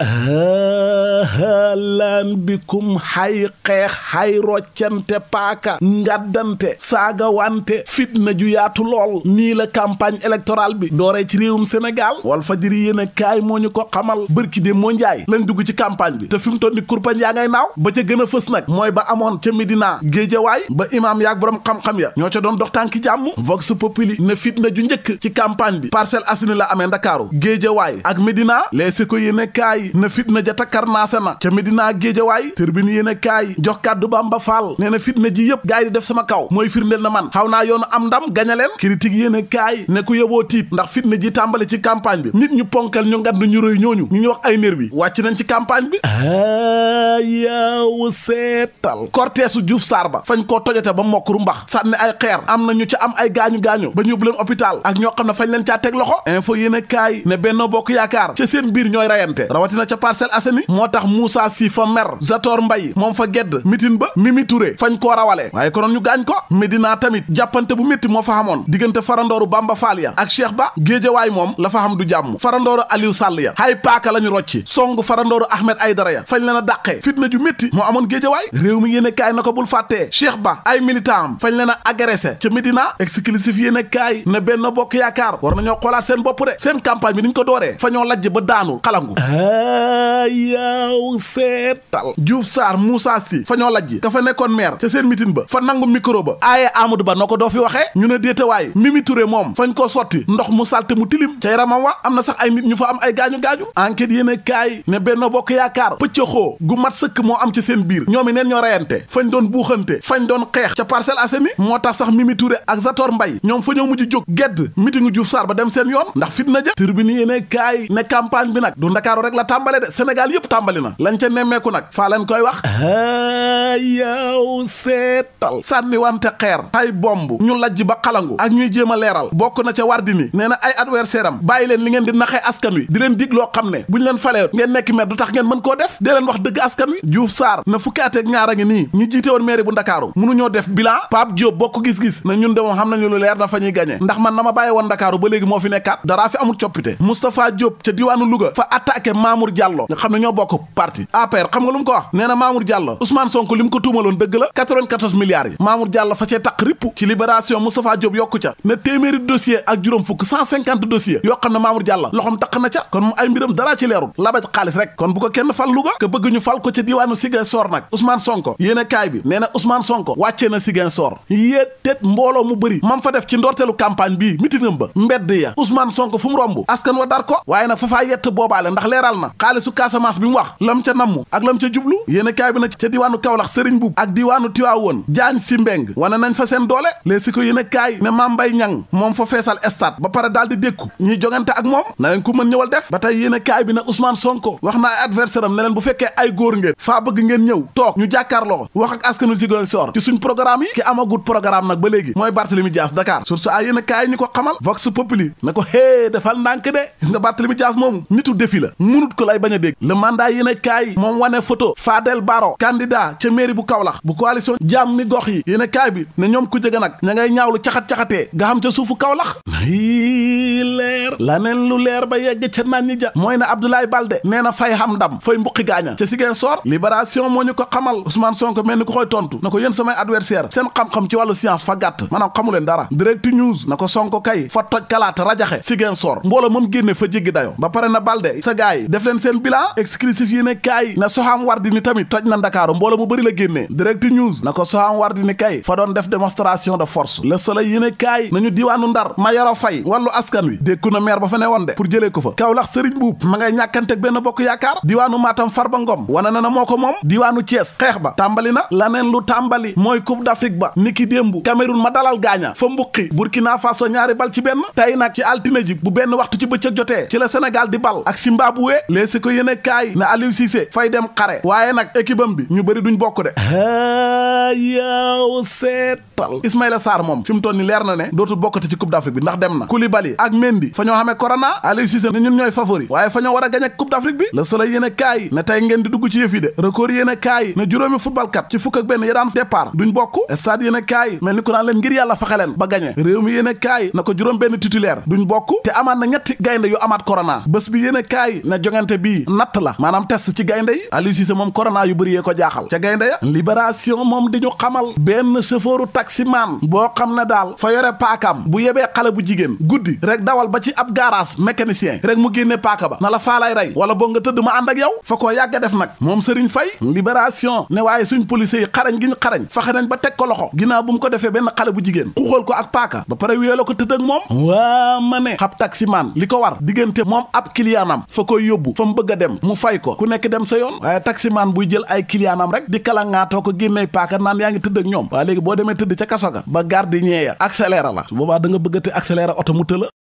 Ah. haalaan bikum xay xeex xay roccante paaka ngàddante saagawante fitna ju yaatu lool nii la campagne électorale bi dooree ci réewum Sénégal wal fajiri yéen a kaay moo ñu ko xamal bërki de moo njaay lañ dugg ci campagne bi te fi mu toll ni kurpañ yaa ngay naaw ba ca gën a fës nag mooy ba amoon ca Medina géejawaay ba imaam yaag borom xam-xam ya ñoo ca doon dox tànki jàmm vox populi ne fitna ju njëkk ci campagne bi Parcelles Assainies la amee ndakaaru géejawaay ak sama ca Medina ak Géejawaay Tribune yéen a kaay jox kàddu Bamba Fall nee na fitna ji yëpp gaa yi di def sama kaw mooy firndeel na man xaw naa yoonu am ndam gañaleen critique yéen a kaay ne ku yóboo tiit ndax fitna ji tàmbali ci campagne bi nit ñu ponkal ñu ngand ñu rëy ñooñu ñu ñu wax ay nér bi wàcc nañ ci campagne bi a yaaw seetal corteesu Diouf Sarr ba fañ koo tojate ba mokk ru mbax sànni ay xeer am na ñu ca am ay gaañu-gaañu ba ñu yóbbu leen hôpital ak ñoo xam ne fañ leen caa a kaay ne Benno Bokk Yaakaar ca seen Moussa Sy fa mer Zator Mbaye moom fa gedd mitin ba Mimi Touré fañ koo rawale waaye konoon ñu gaañ ko Medina tamit jàppante bu métti moo fa xamoon diggante farandooru Bamba Fall ya ak Cheikh Ba géejawaay moom la fa xam du jàmm farandooru Aliou Sall ya hay paaka la ñu rocci song farandooru Ahmed Aydara ya fañ leen a dàqee fitna ju métti moo amoon géejawaay réew mi yéene kaay na ko bul fàttee Cheikh Ba ay militant fañ leen a agressé ca Medina exclusif yéene kaay ne benn ko dooree fa ba daanu ñëw seetal Diouf Sarr Moussa Sy fa ñoo lajji ka fa nekkoon maire ca seen mitin ba fa nangu micro ba aaye Amadou Ba noo ko doo fi waxee ñu ne déetawaay Mimi Touré moom fañ ko sotti ndox mu salte mu tilim ca yaramam wa am na sax ay nit ñu fa am ay gaañu-gaañu enquête yéen a kaay ne Benno Bokk Yaakaar pëccëxoo gu mat sëkk moo am ca seen biir ñoom i neen ñoo reyante fañ doon buuxante fañ doon xeex ca Parcelles Assainies moo tax sax Mimi Touré ak Zator mbay ñoom fa ñoo mujj jóg gedd mitingu Diouf Sarr ba dem seen yoon ndax fitna ja turbine yéen a kaay ne campagne bi nag du Ndakaaru rek la tàmbale Sénégal yëpp tàmbale àddina lañ ca nemmeeku nag faa leen koy wax yaw seetal sànni wante xeer ay bomb ñu lajj ba xalangu ak ñuy jéem a leeral bokk na ca war di ni nee na ay adversaire am bàyyi leen li ngeen di naxee askan wi di leen dig xam ne buñ leen falee ngeen nekk maire du tax ngeen mën koo def dee leen wax dëgg askan wi Diouf Sarr na fukki at ak ñaar a ngi nii ñu jiite woon maire bu Ndakaaru mënuñoo def bilan Pape Diop bokk gis-gis na ñun de moom xam nañu lu leer na fa ñuy gañee ndax na ma bàyyi woon Ndakaaru ba léegi moo fi nekkaat daraa fi amul coppite Moustapha Diop ca diwaanu Louga fa attaqué xam ne ñoo bokk parti APR xam nga lu ko wax nee na Mamour Diallo Ousmane Sonko li mu ko tuumaloon dëgg la 94 milliards yi Mamour Diallo fa cee taq ripp ci libération Moustapha Diop yokku ca ne téeméeri dossier ak juróom fukk 150 dossier yoo xam ne Mamour Diallo loxom na ca kon mu ay mbiram dara ci leerul labaj xaalis rek kon bu ko kenn fal Louga ke bëgg ñu fal ko ca diwaanu Ziguinchor nag Ousmane Sonko yéen a kaay bi nee na Ousmane Sonko wàccee na Ziguinchor yée tét mbooloo mu bëri mam fa def ci ndorteelu campagne bii mitingam ba mbedd ya Ousmane Sonko mu romb askan wa dar ko waaye nag fa faa yett leeral na xaalisu Casamance bi lam ca namm ak lam ca jublu yéen kaay bi nag ca diwaanu Kaolack Serigne Boub ak diwaanu Tiwaawoon jaañ si mbeng wane nañ fa seen doole léeg si ko yéen kaay ne Mame Mbaye Niang moom fa feesal stade ba pare daal di dékku ñuy jogante ak moom na leen ko mën ñëwal def ba tey yéen kaay bi ne Ousmane Sonko wax naa ay adversaire am ne bu fekkee ay góor ngeen faa bëgg ngeen ñëw toog ñu jàkkaarloo wax ak askanu Ziguinchor ci suñ programme yi ki amagut programme nag ba léegi mooy Barthélemy Dias Dakar surtout ay yéen kaay yi moom wane photo Fadel Baro candidat ca mairie bu kawlax bu coalition jàmmi gox yi kaay bi ne ñoom ku jege nag ña ngay ñaawlu caxat-caxatee nga xam ca suufu Kaolack leer laneen lu leer ba yegg ca naan ñi ja mooy ne Abdoulaye Balde nee na fay xam ndam fay mbuqi gaaña ca Ziguinchor libération moo ñu ko xamal Ousmane Sonko mel ni ko koy tontu na ko sa samay adversaire seen xam-xam ci wàllu science fa gàtt maanaam xamu leen dara direct news na ko Sonko kay fa toj kalaat rajaxe Ziguinchor mbooloo moom génne fa jéggi dayo ba pare na Balde sa gaay def leen seen bilan exclusif yéene kaay na Soham Wardini tamit toj na Ndakaaru mbooloo mu bëri la na ko Soham Wardini kay fa doon def démonstration de force le soleil wa Faye wàllu askan wi dékku na maire ba fa ne woon de pour jëlee ko fa Kaolack Serigne Mboup ma ngay ñàkkanteg benn bokk yaakaar diwaanu Matam Farba Ngom wa na na moo ko moom diwaanu Thiès xeex ba tàmbali na la laneen lu tàmbali mooy coupe d'Afrique ba niki démbu Cameroun ma dalal gaaña fa mbuqi Burkina Faso ñaari bal ci benn tey nag ci altine bu benn waxtu ci ba bëccëg jotee ci la senegal di bal ak Zimbabwe léeg si ko yéene kaay na Aliou Cissé fay dem xare waaye nag équipe bi ñu bëri duñ bokk de yow seetal Ismaïla Sarr moom fi mu toll ni leer na ne dootul bokkati ci coupe bi ndax sax dem na Koulibaly ak Mendy fa ñoo xamee corona Aliou Cissé ñun ñooy favori waaye fa war a gañ ak Coupe d'Afrique bi Le Soleil yéen a kaay ne ngeen di dugg ci yëf de record yéen a kaay ne juróomi footballkat ci fukk benn ya daan départ duñ bokk stade yéen a kaay mel ni ku leen ngir yàlla faxaleen ba gañe réew mi yéen a na ko juróom benn titulaire duñ bokk te amaat na ñetti gaynde yu amaat corona bés bi yéen a kaay jongante bii natt jigéen guddi rek dawal ba ci ab garage mécanicien rek mu génne paaka ba na la faalay rey wala boo nga tëdd ma ànd ak yow fa koo yàgga def nag moom Serigne Faye libération ne waaye suñ policiers yi xarañ gi ñu xarañ faxe nañ ba teg ko loxo ginnaaw bu mu ko defee benn xale bu jigéen xuxal ko ak paaka ba pare wéeloo ko tëdd ak moom waa ma ne xab taximaan li ko war diggante moom ab kiliyaanam fa koy yóbbu fa mu bëgg dem mu fay ko ku nekk dem sa yoon waaye taximaan buy jël ay kiliyaanam rek di kala ŋaatoo ko génney paaka naan yaa ngi tëdd ak ñoom waa léegi boo demee tëdd ca kaso ga ba accéléré oto mu tëla